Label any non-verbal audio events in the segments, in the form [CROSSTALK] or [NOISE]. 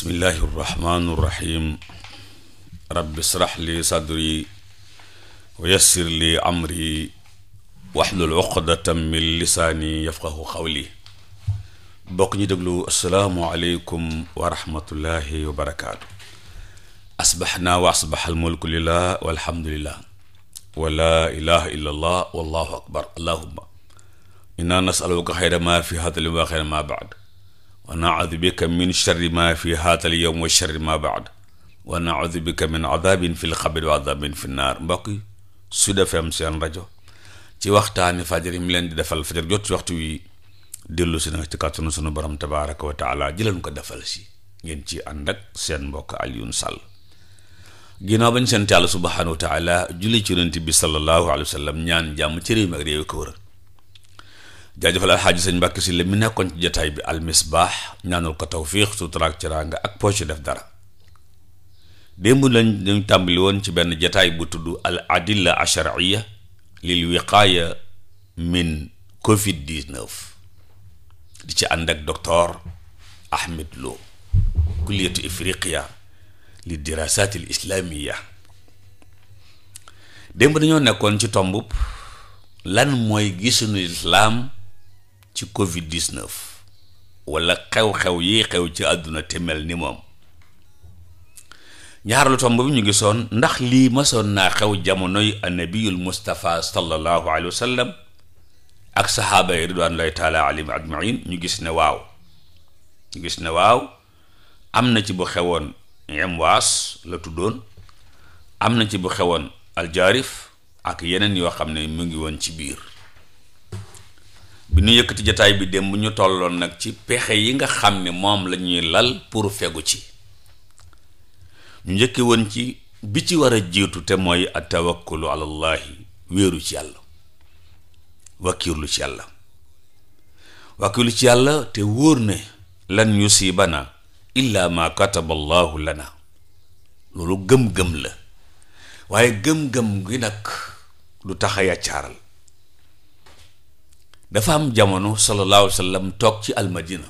bismillahi rrahmani rrahim rabbi srax li sadri wa yassir li amri waxlul uqdatan min lisaani yafqahu xawli bokk ñu déglu asalaamu aleykum wa rahmatullahi wa barakaatu asbaxnaa wa asbax almulku lillah walhamdulillah wa laa ilaha illa allah wallahu akbar allahuma inna nasaluka xayra ma fi hada wa xayra ma baad wa naudu bika min sharri ma fi haatal yowm wa sharri ma baad wa naudu bika min adabin fi seen rajo ci waxtaani fajar yi mu leen di defal fajar jot ci waxtu wi dellu si nag ci kàttanu sunu borom tabaaraka wa taala jëleen ko defal si ngeen ci ànd ak seen mbokk Alioune Sall naa bañ seen tàll subhaanahu wa taala julli ci yonent bi sallallahu alayhi wa sallam ñaan jàmm ci réew mi ak réew ko wër jaajëfal alxaaji sëñ Mbàkke si la mi nekkoon ci jataay bi almisbaax ñaanul ko tawfiix suturaak ciraanga ak poche def dara démb lañ ñu ci benn jataay bu tudd al adilla lil wiqaaya min covid di ci ànd ak docteur Ahmed Lo kulliyatu ifriqiya li dirasat al islamiya dañoo nekkoon ci tombub lan mooy gisuñu lislaam ci Covid 19 wala xew-xew yi xew ci àdduna te mel ni moom ñaareelu tomb bi ñu gisoon ndax lii masoon naa xew jamonoy annabiyul Mustafa sallallahu alayhi wa ak saxaaba yi ridwanullahi taala alayhim ñu gis ne waaw gis ne waaw am na ci bu xewoon Imwaas la tuddoon am na ci bu xewoon aljaarif ak yeneen yoo xam ne mu ngi woon ci biir bi ñu yëkkati jataay bi dem bu ñu tolloon nag ci pexe yi nga xam ne moom lañuy lal pour fegu ci ñu njëkke woon ci bi ci war a jiitu te mooy atawakkulu ala llahi wéeru ci yàlla wakiirlu ci yàlla te wóor ne lan yusibana illa ma kataba lana loolu gëm-gëm la waaye gëm-gëm gi nag du tax a yàccaaral dafa am jamono sallallahu alayhi wa toog ci almadina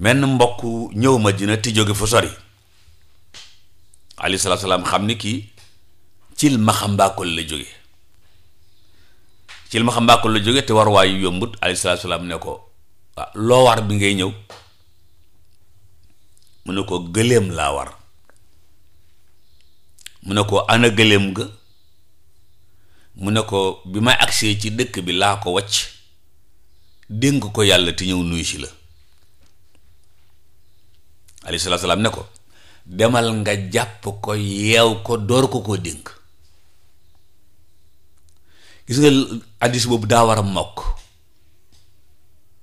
menn mbokk ñëw madina te jóge fu sori alayhi salaatu salaam xam ni kii cil maxambaakool la jóge cil maxambaakool la jóge te war waayu yombut alayhi salaatu salaam ne ko ah, loo war bi ngay ñëw mu ne ko gëléem laa war mu ne ko ana gëléem ga mu ne ko bi ma agsee ci dëkk bi laa ko wacc dénk ko yàlla te ñëw nuyu si la alayhi salaatu salaam ne ko demal nga jàpp ko yeew ko door ko gis nga boobu daa war a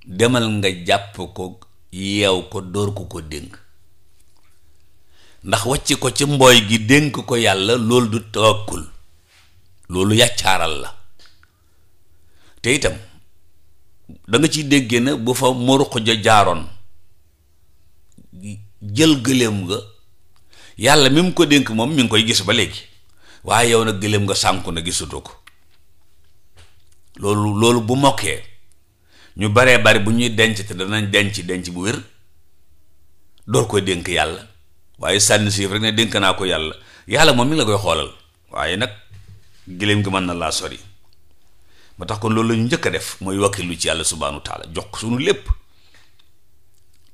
demal nga jàpp ko yeew ko door ko koo dénk ndax wàcc ko ci mbooy gi dénk ko yàlla loolu du tawakkul loolu yàccaaral la te itam danga nga ciy déggee na bu fa moruq ja jaaroon jël gëléem nga yàlla mi ko dénk moom mi ngi koy gis ba léegi waaye yow nag gëléem nga sànku na gisutoo ko loolu loolu bu mokkee ñu baree bari bu ñuy denc te danañ denc denc bu wér door koy dénk yàlla waaye sànni siif rek ne dénk naa ko yàlla yàlla moom mi la koy xoolal waaye nag gëléem gi mën na laa sori ba tax kon loolu la njëkk a def mooy wakkilu ci yàlla subhanahu wa taala jox suñu lépp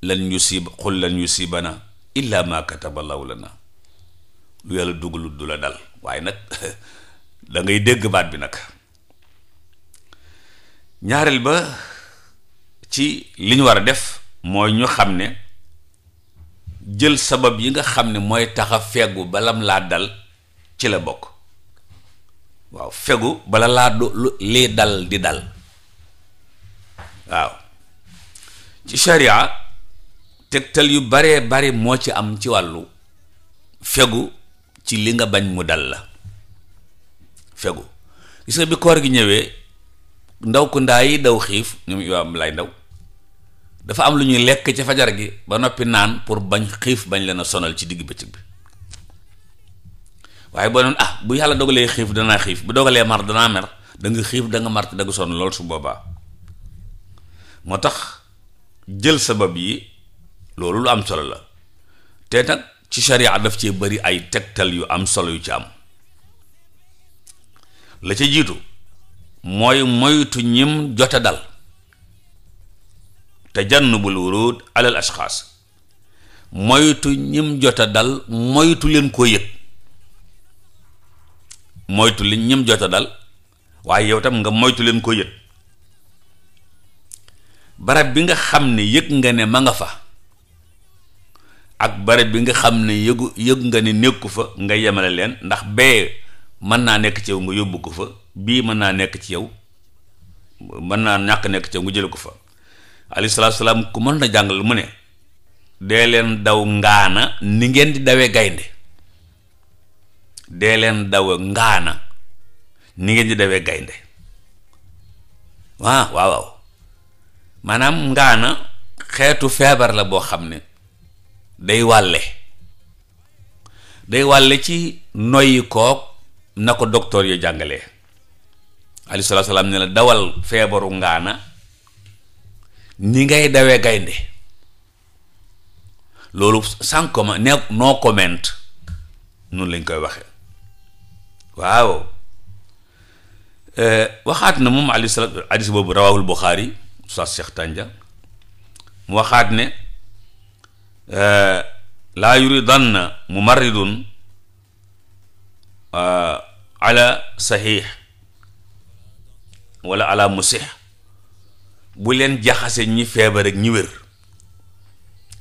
lan yusib xul lan yusibana illa ma kataba llahu lana lu yàlla dugalu du la dal waaye nag [LAUGHS] da ngay dégg baat bi nag ñaareel ba ci li ñu war a def mooy ñu xam ne jël sabab yi nga xam ne mooy tax feggu balam laa dal ci la bokk waaw fegu bala laa do lii dal di dal waaw ci sharia tegtal yu baree bari moo ci am ci wàllu fegu ci li nga bañ mu dal la fegu gis nga bi koor gi ñëwee ndaw ku ndaa yi daw xiif ñoom imaam lay ndaw dafa am lu ñuy lekk ci fajar gi ba noppi naan pour bañ xiif bañ leen a sonal ci diggu bëccëg bi waaye boo doon ah bu yàlla dogalee xiif danaa xiif bu dogalee mar danaa mer danga xiif danga nga mar te da sonn lool su boobaa moo tax jël sabab yi loolu lu am solo la te nag ci sharia daf cee bari ay tegtal yu am solo yu ci am la ca jiitu mooy moytu ñim jote dal tajannubul wurud alal ashxaas moytu ñim jote dal moytu leen koo yëg moytu liñ ñëm jot a dal waaye yow tam nga moytu leen ko yëg barab bi nga xam ne yëg nga ne ma nga fa ak barab bi nga xam ne yëgu yëg nga ne nekku fa nga yemale leen ndax bee mën naa nekk ci yow nga yóbbu ko fa bii mën naa nekk ci yow mën naa ñàkk nekk ci yow nga jële ko fa alayhi salaatu salaam ku mën na jàngal mu ne dee leen daw ngaana ni ngeen di dawee gaynde dee leen daw ngaana ni ngeen di dawee gaynde waaw waaw maanaam ngaana xeetu feebar la boo xam ne day wàlle day wàlle ci noyyi koog na ko docteur yu jàngale aleyhi salaatu salaam la dawal feebaru ngaana ni ngay dawee gaynde loolu sans comment ne no comment noonu lañ koy waxee waaw eh, waxaat na moom aleyhi salaatu hadis boobu rawaahul Buxaari Oustaz Cheikh Tanja mu waxaat ne eh, laa yuridanna mumarridun eh, ala saxiix wala ala musix bu leen jaxase ñi feebar ak ñi wér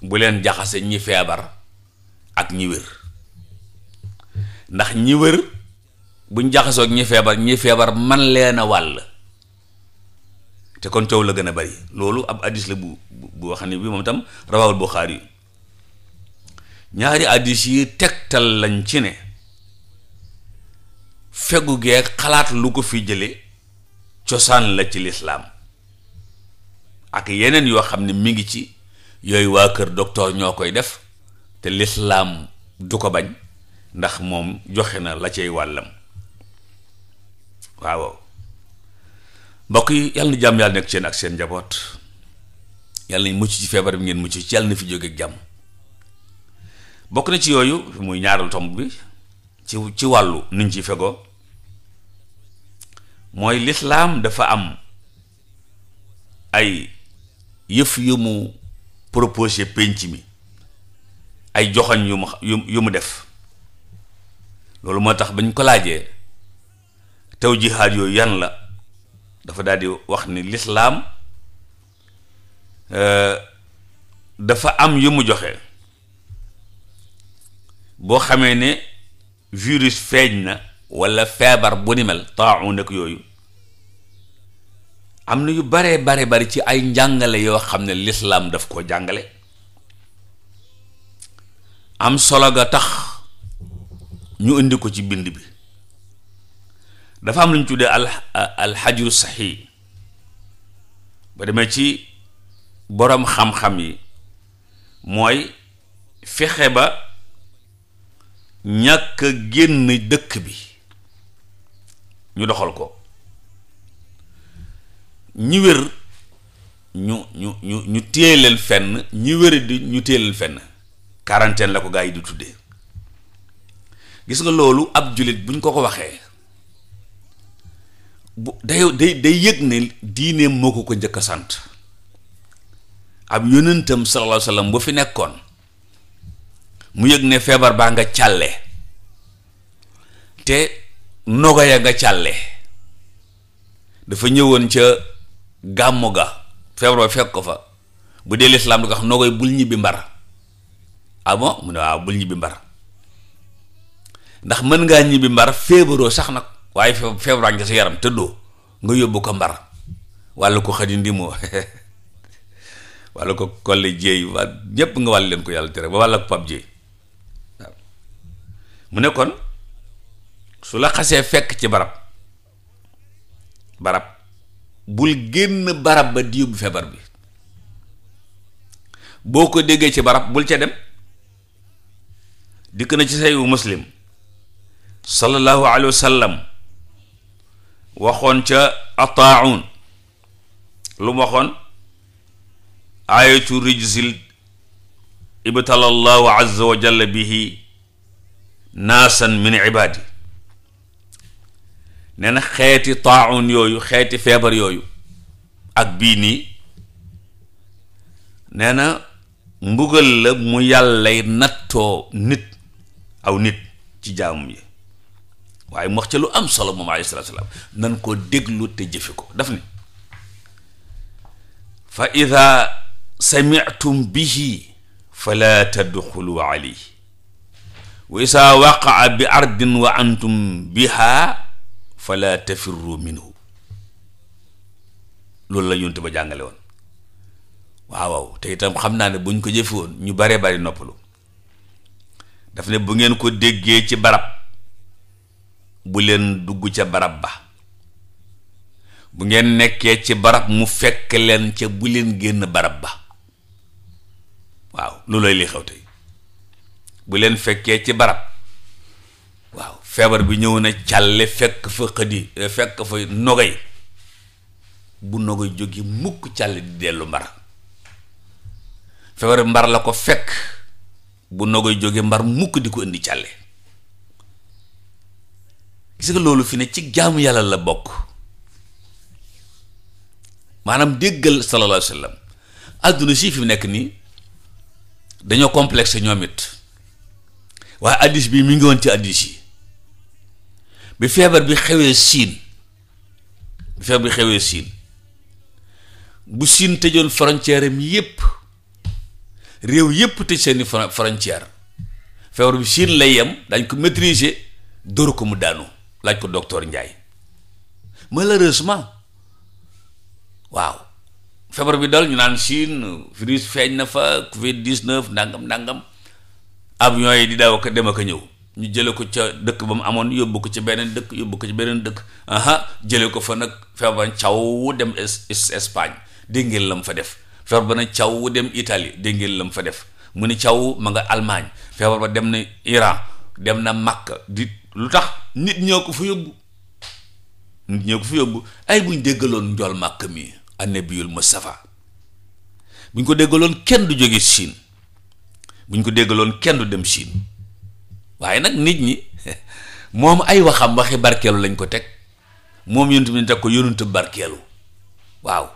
bu leen jaxase ñi feebar ak ñi wér ndax ñi wér buñ jaxasoog ñi feebar ñi feebar man leen a wàll te kon coow la gën a bari loolu ab addis la bu bu xam ne bi moom itam rawaawul Buxaari ñaari addis yi tegtal lañ ci ne fegu gee xalaat lu ko fi jële cosaan la ci lislaam ak yeneen yoo xam ne mi ngi ci yooyu waa kër docteur ñoo koy def te lislaam du ko bañ ndax moom joxe na la cay wàllam waaw mbokk yi yàlla na jàmm yàlla nekk seen ak seen njaboot yàlla nañ mucc ci feebar bi ngeen mucc ci yàlla na fi jóge jàmm bokk na ci yooyu muy ñaareelu tomb bi ci ci wàllu nuñ ci fegoo mooy lislaam dafa am ay yëf yu mu proposé penc mi ay joxoñ yu mu yu mu def loolu moo tax bañ ko tawjihaat yooyu yan la dafa daal di wax ni lislaam euh, dafa am yu mu joxe boo xamee ne virus feeñ na walla feebar bu ni mel taaxu nekk yooyu am na yu bare bare bari ci ay njàngale yoo xam ne lislaam daf koo jàngale am solo ga tax ñu indi ko ci bind bi dafa am lu ñu tuddee al alxajru saxi ba demee ci boroom xam-xam yi mooy fexe ba ñàkk génn dëkk bi ñu doxal ko ñi wér ñu ñu ñu ñu téye leen fenn ñi wéri di ñu téye leen fenn quarantaine la ko gaa yi di tuddee gis nga loolu ab jullit buñ ko ko waxee bu day day day yëg ne diine moo ko ko njëkk a sant ab yonentam sallallahu alayhi bu fi nekkoon mu yëg ne feebar baa nga càlle te noga ya nga càlle dafa ñëwoon ca gàmmu ga feebar ba fekk ko fa bu dee lislaam di ko xam nogoy bul ñibbi mbar ah mu ne waaw bul ñibbi mbar ndax mën ngaa ñibbi mbar feebaroo sax nag waaye fe feebaraa ngi sa yaram tëddoo nga yóbbu ko mbar wàllu ko xadi ndimoo [LAUGHS] wàllu ko kolle jéey waa ñépp nga wàll leen ko yàlla tere ba walla ko pap jéey mu ne kon su la xasee fekk ci barab barab bul génn barab ba di yóbbu feebar bi boo ko déggee ci barab bul ca dem dikk na ci sayu muslim sallallahu alayhi wa sallam waxoon ca ataaun lu mu waxoon ayatu rijsil ibtala allahu azza wa jalla bihi naasan min ibaadi nee xeeti taaun yooyu xeeti feebar yooyu ak bii nii nee na mbugal la mu yàllay nattoo nit aw nit ci jaamum yi waaye mu wax ca lu am solo moom alayhi salaatu salaam nan ko déglu te jëfe ko daf ni fa ida samitum bihi fala tadxulu alayhi wa isa waqaa bi ardin wa antum biha fala tafirru minhu loolu la yonte ba jàngale woon waaw te itam xam naa ne buñ ko jëfe woon ñu bare bari noppalu daf ne bu ngeen ko déggee ci barab bu leen dugg ca barab ba bu ngeen nekkee ci barab mu fekk leen ca bu leen génn barab ba waaw lu lay li xew tey bu leen fekkee ci barab waaw feebar bi ñëw na càlle fekk fa xëdi fekk fa nogay bu nogay jóge mukk càlle di dellu mbar feebar bi mbar la ko fekk bu nogay jóge mbar mukk di ko indi càlle gis nga loolu fi ne ci jaamu yàlla la bokk maanaam déggal sallallahu alayhi wa adduna si fi mu nekk nii dañoo complexe ñoom it waaye addis bi mi ngi woon ci addis yi bi feebar bi xewee siin bi feebar bi xewee siin bu siin tëjoon frontière am yépp réew yépp tëj seeni frontière feebar bi siin lay yem dañ ko maîtriser dóor ko mu daanu laaj ko docteur Ndiaye malheureusement waaw feebar bi dal ñu naan Chine virus feeñ na fa Covid 19 ndàngam ndàngam avion yi di daaw ko dem ak a ñëw ñu jële ko ca dëkk ba mu amoon yóbbu ko ci beneen dëkk yóbbu ko ci beneen dëkk aha jële ko fa nag feebar caw wu dem Espagne dégg la mu fa def feebar ba nag caw wu dem itali dégg la mu fa def mu ni caw ma nga Allemagne feebar ba dem na Iran dem na Makka di lu tax nit ñoo ko fa yóbbu nit ñoo ko fa yóbbu ay buñ déggaloon njool màkk mi annabiyul Mustafa buñ ko déggaloon kenn du jóge Chine buñ ko déggaloon kenn du dem siin waaye nag nit ñi [LAUGHS] moom ay waxam waxi barkeelu lañ ko teg moom yonent bi ñu teg ko yonentu barkeelu waaw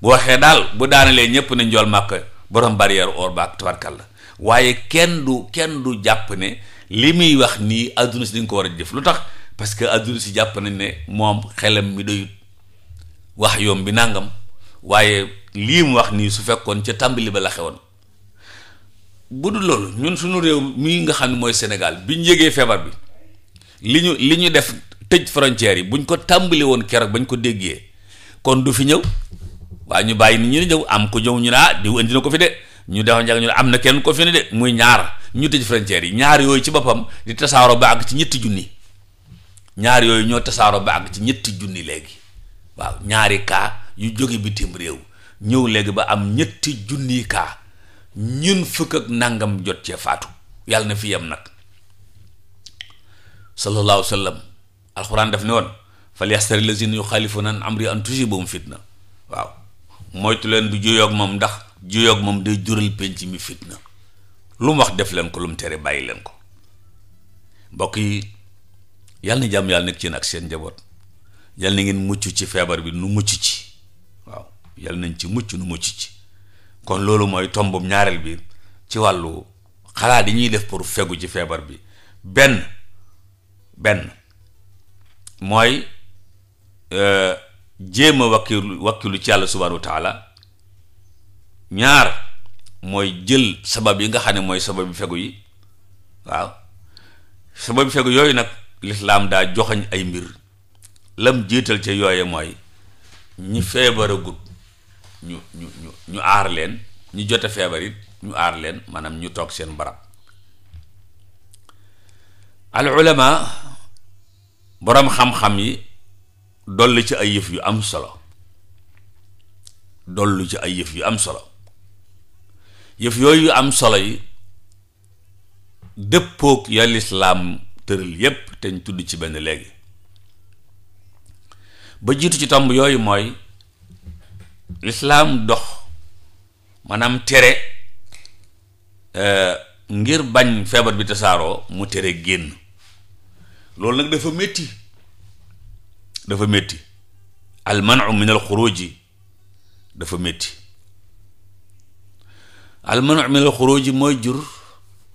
bu waxee daal bu daanalee ñëpp ne njool màkk borom barrière or baak la waaye kenn du kenn du jàpp ne li muy wax nii adduna si dañ ko war a jëf lu tax parce que adduna si jàpp nañ ne moom xelam mi doyut wax yoom bi nangam waaye lii wax nii su fekkoon ca tàmbali ba la xewoon bu dul loolu ñun suñu réew mii nga xam ne mooy Sénégal bi ñu yëgee feebar bi li ñu li ñu def tëj frontières yi buñ ko tàmbali woon keroog bañ ko déggee kon du fi ñëw waaye ñu bàyyi nit ñi ñëw am ko ñëw ñu ne ah diw indi ko fi de ñu defoon njàng ñu ne am na kenn ko fi ne de muy ñaar ñu tëj frontières yi ñaar yooyu ci boppam di tasaaro ba àgg ci ñetti junni ñaar yooyu ñoo tasaaroo ba àgg ci ñetti junni léegi waaw ñaari kaa yu jóge bitim réew ñëw léegi ba am ñetti junni cas ñun fukk ak nangam jot cee faatu yàlla na fi yem nag sallallahu alayhi wa sallam alxuraan daf ne woon fal yastari lazina yuxaalifuna an amri an tusibahum fitna waaw moytu leen du juyoog moom ndax juyoog moom day jural penc mi fitna lu mu wax def leen ko lu mu tere bàyyi leen ko mbokk yi yàlla na jàmm yàlla nekk ci ak seen njaboot yàlla na ngeen mucc ci feebar bi nu mucc ci waaw yàlla nañ ci mucc nu mucc ci kon loolu mooy tombum ñaareel bi ci wàllu xalaat yi ñuy def pour fegu ci feebar bi benn benn mooy euh, jéem a wakkilu ci yàlla subhanahu wa ñaar mooy jël sabab yi nga xam ne mooy sabab bi fegu yi waaw sabab bi fegu yooyu nag lislaam daa joxañ ay mbir lam jiital ca yooye mooy ñi feebar agut ñu ñu ñu aar leen ñu jote feebar it ñu aar leen maanaam ñu toog seen barab al ulama boroom xam-xam yi dollu ci ay yëf yu am solo dollu ci ay yëf yu am solo yëf yooyu am solo yi dëppoog ya lislaam tëral yépp te ñu tudd ci benn léegi ba jiitu ci tomb yooyu mooy lislaam dox maanaam tere euh, ngir bañ feebar bi tasaaroo mu tere génn loolu nag dafa métti dafa metti al manu min al dafa métti almanu min al xuruji mooy jur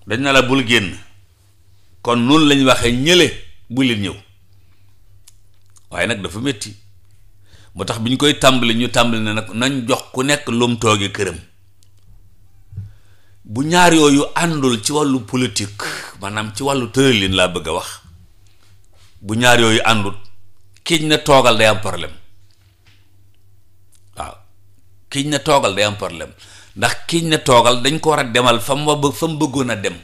dañ na la bul génn kon noonu lañuy waxee ñële bu leen ñëw waaye nag dafa metti moo tax bi ñu koy tàmbali ñu tàmbali na nag nañ jox ku nekk lum toogee këram bu ñaar yooyu àndul ci wàllu politik maanaam ci wàllu tëralin laa bëgg a wax bu ñaar yooyu àndul kiiñ na toogal day am problème waaw kiiñ na toogal day am problème ndax kiiñ ne toogal dañ ko war a demal fa mu ba fa mu bëggoon a dem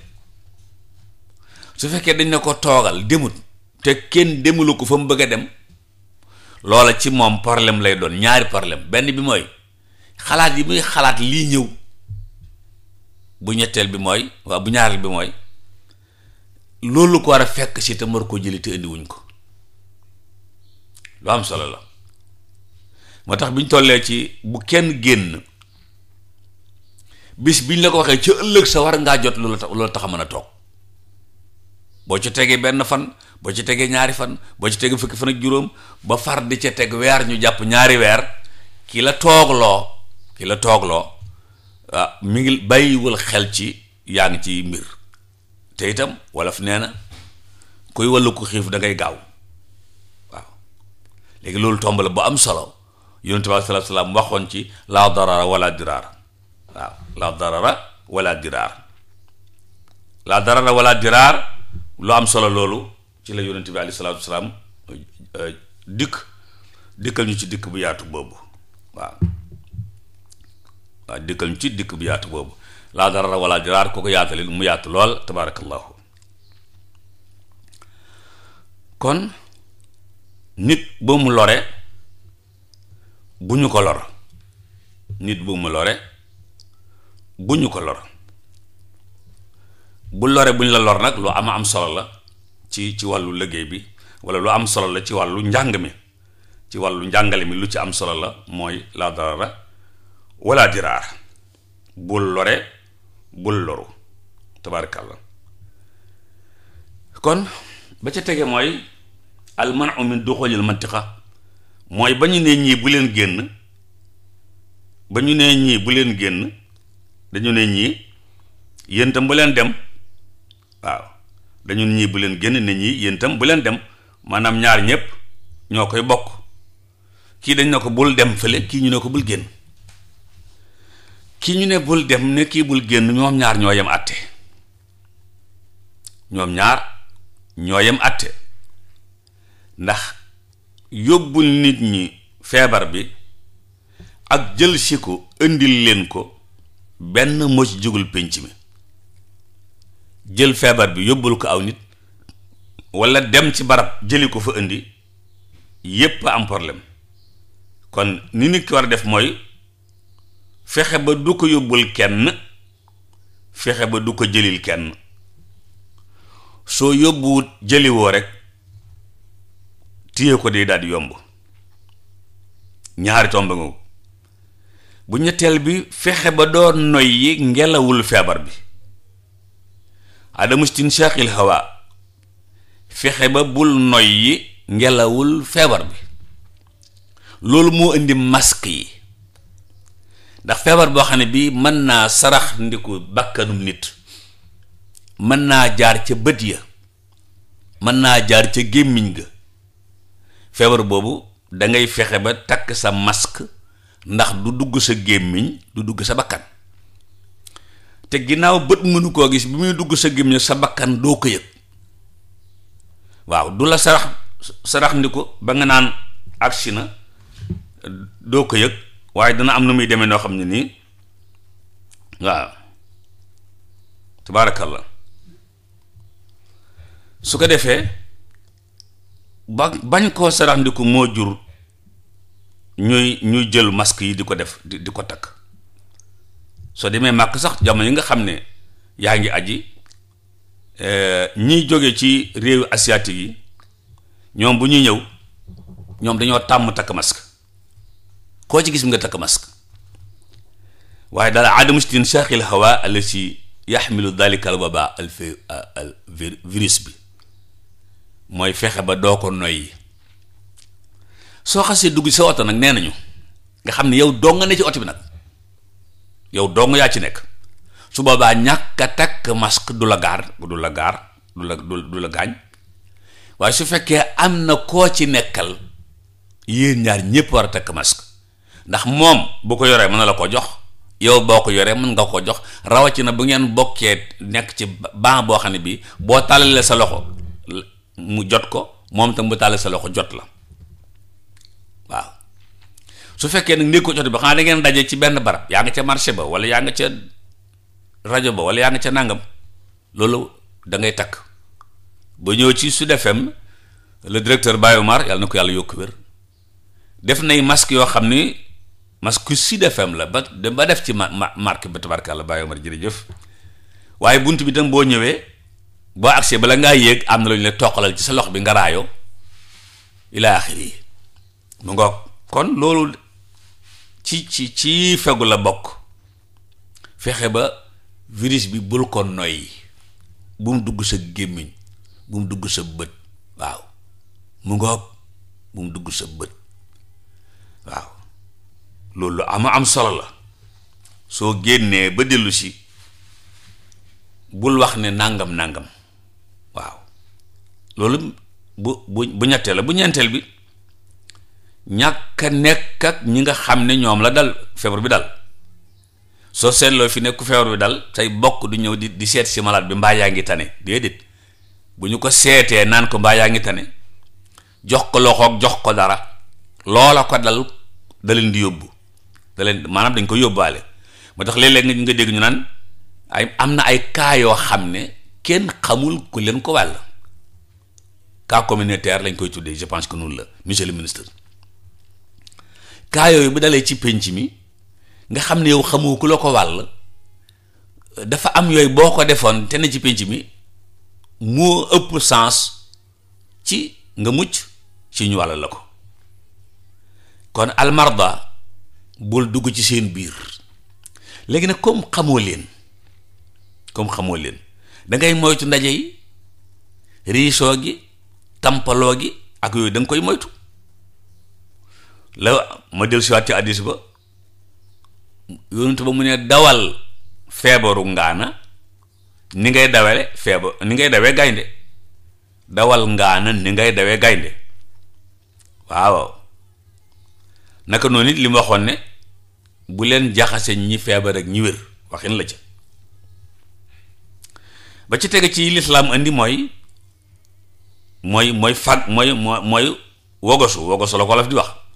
su fekkee dañ ne ko toogal demut te kenn demulu ko fa mu bëgg a dem loola ci moom problème lay doon ñaari problème benn bi mooy xalaat yi muy xalaat lii ñëw bu ñetteel bi mooy waaw bu ñaareel bi mooy loolu ko war a fekk si te mar koo jëli te indiwuñ ko lu am solo la moo tax bi ñu tollee ci bu kenn génn bis biñ la ko waxee ci ëllëg sa war ngaa jot loola tax loola tax a mën a toog boo ci tegee benn fan boo ci tegee ñaari fan boo ci tegee fukki fan ak juróom ba far di ca teg weer ñu jàpp ñaari weer kii la toogloo kii la toogloo ah mi ngi bàyyiwul xel ci yaa ngi ci mbir te itam wolof nee na kuy wàllu ko xiif dangay ngay gaaw waaw léegi loolu tomb la bu am solo yonent bi sallallahu alayhi wasallam waxoon ci laa daraara walla diraara waaw la darara wala diraar la darara wala diraar lu am solo loolu ci la yonent bi alayhi salaatu wasalaam euh, euh, dikk dikkal ñu ci dikk bu yaatu boobu waaw waaw dikkal ñu ci dikk bi yaatu boobu la darara wala diraar kooku yaatalil mu yaatu lool tabaarakallahu kon nit bu mu lore bu ñu ko lor nit bu mu lore bu ñu ko lor bu lore bu ñu la lor nag lu am am solo la ci ci wàllu liggéey bi wala lu am solo la ci wàllu njàng mi ci wàllu njàngale mi lu ci am solo la mooy la darara wala diraar bul lore bul loru la kon ba ca tege mooy al manu min duxulil mantiqa mooy ba ñu nee ñii bu leen génn ba ñu nee ñii bu leen génn dañu ne ñii yéen tam bu leen dem waaw dañu ne ñii bu leen génn ne ñii yéen tam bu leen dem maanaam ñaar ñépp ñoo koy bokk kii dañ ne ko bul dem fële kii ñu ne ko bul génn kii ñu ne bul dem ne kii bul génn ñoom ñaar ñoo yem àtte ñoom ñaar ñoo yem àtte ndax yóbbul nit ñi feebar bi ak jël si ko indil leen ko benn moo ci jógul pénc mi jël feebar bi yóbbul ko aw nit walla dem ci barab jëli ko fa indi yépp am problème kon ni nit ki war a def mooy fexe ba du ko yóbbul kenn fexe ba du ko jëlil kenn soo yóbbuwut jëliwoo rek tiye ko day daal yomb ñaari tomb nga bu ñetteel bi fexe ba doon noy yi ngelawul feebar bi adamu istinshaqil hawa fexe ba bul noy yi ngelawul feebar bi loolu moo indi mask yi ndax feebar boo xam ne bii mën naa sarax ndiku bakkanum nit mën naa jaar ca bët ya mën naa jaar ca gémmiñ ga feebar boobu dangay ngay fexe ba takk sa mask ndax du dugg sa gémmiñ du dugg sa bakkan te ginnaaw bët mënu koo gis bi muy dugg sa gémmiñ sa bakkan doo ko yëg waaw du la sarax sarax ba nga naan agsi na doo ko yëg waaye dana am na muy demee noo xam ne nii waaw tabaarakallah su ko defee ba bañ koo sarax moo jur ñuy ñu jël masque yi di ko def di ko takk soo demee màkk sax jamono yi nga xam ne yaa ngi aji eh, ñiy jóge ci réewu asiatique yi ñoom bu ñuy ñëw ñoom dañoo tàmm takk mask koo ci gis mi nga takk masque waaye daal adamu sitin shaqil hawa allati yaxmilu dalika al waba al virus bi mooy fexe ba doo ko noyyi soo xasee dugg sa oto nag nee nañu nga xam ne yow dong nga ne ci oto bi nag yow dong yaa ci nekk su boobaa ñàkk a takk mask du la gaar du la gaar du la du la gaañ waaye su fekkee am na koo ci nekkal yéen ñaar ñëpp war a takk masque ndax moom bu ko yoree mën na la ko jox yow boo ko yoree mën nga ko jox rawatina bu ngeen bokkee nekk ci ban boo xam ne bi boo tàllalee sa loxo mu jot ko moom tam bu tàllalee sa loxo jot la. su fekkee nag néeg ko ci oto bi xanaa da ngeen daje ci benn barab yaa nga ca marché ba wala yaa nga ca rajo ba wala yaa nga ca nangam loolu da ngay takk ba ñëwee ci Sud FM le directeur Baye Omar yàlla na ko yàlla yokk wér def nay masque yoo xam ni masque su FM la ba ba def ci ma marque ba tabarkàlla Baye Omar jëf waaye bunt bi tam boo ñëwee boo agsee bala ngaa yéeg am na lu ñu la toqalal ci sa lox bi nga raayoo ilaa axiri mu ngoog kon loolu ci ci ci fegu la bokk fexe ba virus bi bul ko noyyi bu dugg sa gémmiñ bum dugg sa bët waaw mu ngoog bu mu dugg sa bët waaw loolu ama am solo la soo génnee ba dellusi bul wax ne nàngam nàngam waaw loolu bu bu bu ñetteel la bu ñeenteel bi ñàkk a nekk ak ñi nga xam ne ñoom la dal feebar bi dal soo seetloo fi nekk feebar bi dal say bokk du ñëw di di seet si malade bi mbaa yaa ngi tane déedéet bu ñu ko seetee naan ko mbaa yaa ngi tane jox ko loxoog jox ko dara loola ko dal da leen di yóbbu da leen maanaam dañ ko yóbbaale moo tax léeg-léeg nga dégg ñu naan ay am na ay cas yoo xam ne kenn xamul ku leen ko wàll cas communautaire lañ koy tuddee je pense que noonu la monsieur le ministre kaa yooyu bu dalee ci pénc mi nga xam ne yow xamoo ku la ko wàll dafa am yooyu boo ko defoon te ne ci pénc mi moo ëpp sens ci nga mucc ci ñu wàll la ko kon almarda bul dugg ci seen biir léegi nag comme xamoo leen comme xamoo leen dangay moytu ndaje yi riisoo gi tampaloo gi ak yooyu da koy moytu la ma del ci addis ba yonent ba mu ne dawal feebaru ngaana ni ngay dawele feebar ni ngay dawee gaynde dawal ngaana ni ngay dawee gaynde waaw naka noonu it li ma waxoon ne bu leen jaxasee ñi feebar ak ñi wér waxin la ca ba ci tege ci lislaam indi mooy mooy mooy fag mooy mooy wogosu wogosu la ko la di wax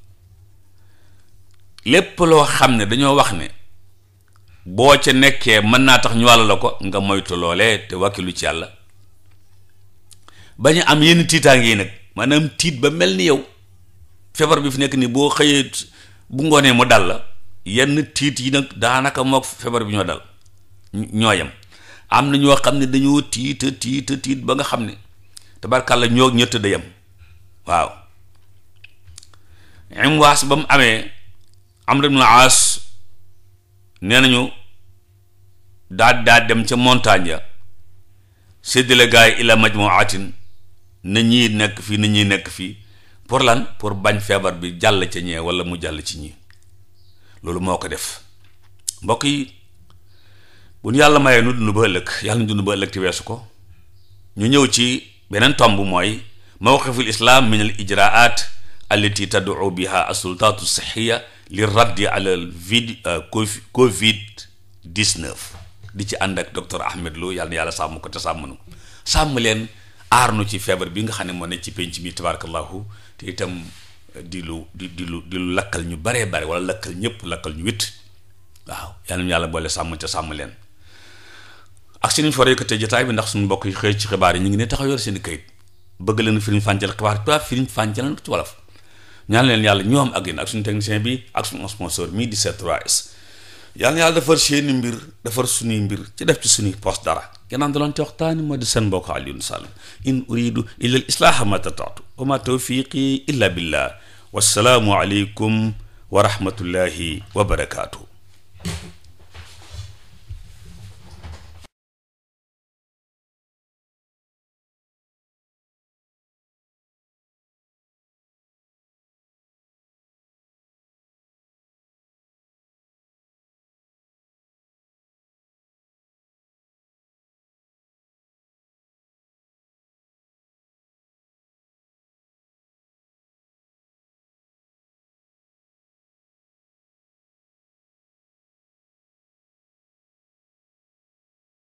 lépp loo xam ne dañoo wax ne boo ca nekkee mën naa tax ñu wàll la ko nga moytu loolee te wàkkilu ci yàlla bañu am yenn tiitaa ngi nag maanaam tiit ba mel ni yow feebar bi fi nekk nii boo xëyee bu ngoonee mu dal la yenn tiit yi nag daanaka mook feebar bi ñoo dal ñoo yem am na ñoo xam ne dañoo tiita tiita tiit ba nga xam ne tabarkàlla ñoo ñett da yem waaw imwaas ba mu amee amr ibn aas nee nañu daal daa dem ca montagne ya séddale gaa yi ila majmuatin na ñi nekk fii na ñuy nekk fii pour lan pour bañ feebar bi jàll ca ñee wala mu jàll ci ñi loolu moo ko def mbokk yi bu ñu yàlla mayee nu dund ba ëllëg yàlla nu dund ba ëllëg te weesu ko ñu ñëw ci beneen tomb mooy mawqiful islaam min ijraat allati tad'u biha asultatu sixiya li raddi ala vid euh, covid 19 di ci ànd ak docteur Ahmed Lo yàlla yàlla sàmm ko te sàmm nu sàmm leen aar nu ci feebar bi nga xam ne moo ne ci penc bi tabarakallahu te itam euh, di lu di di lu di lakkal ñu baree bare wala lakkal ñëpp lakkal ñu witt waaw yàlla na boole sàmm te sàmm leen ak suñu foree ko te jotaay bi ndax suñu mbokk yi xëy ci xibaar yi ñu ngi ne taxaw yor seen i kayit bëgg leen firiñ fàncal xibaar tubaab firiñ fàncal ci wolof ñaan leen yàlla ñoom ak yéen ak suñu technicien bi ak suñu sponsor mii di c 3 yàlla yàlla defar seeni mbir defar suñuy mbir ci def ci suñuy post dara kenn da loon ci waxtaani moo di seen mbokk Alioune Sall in uridu illa al islaaha ma tataatu wa ma tawfiqi illa billah wassalaamu aleykum wa rahmatullahi wa barakaatu.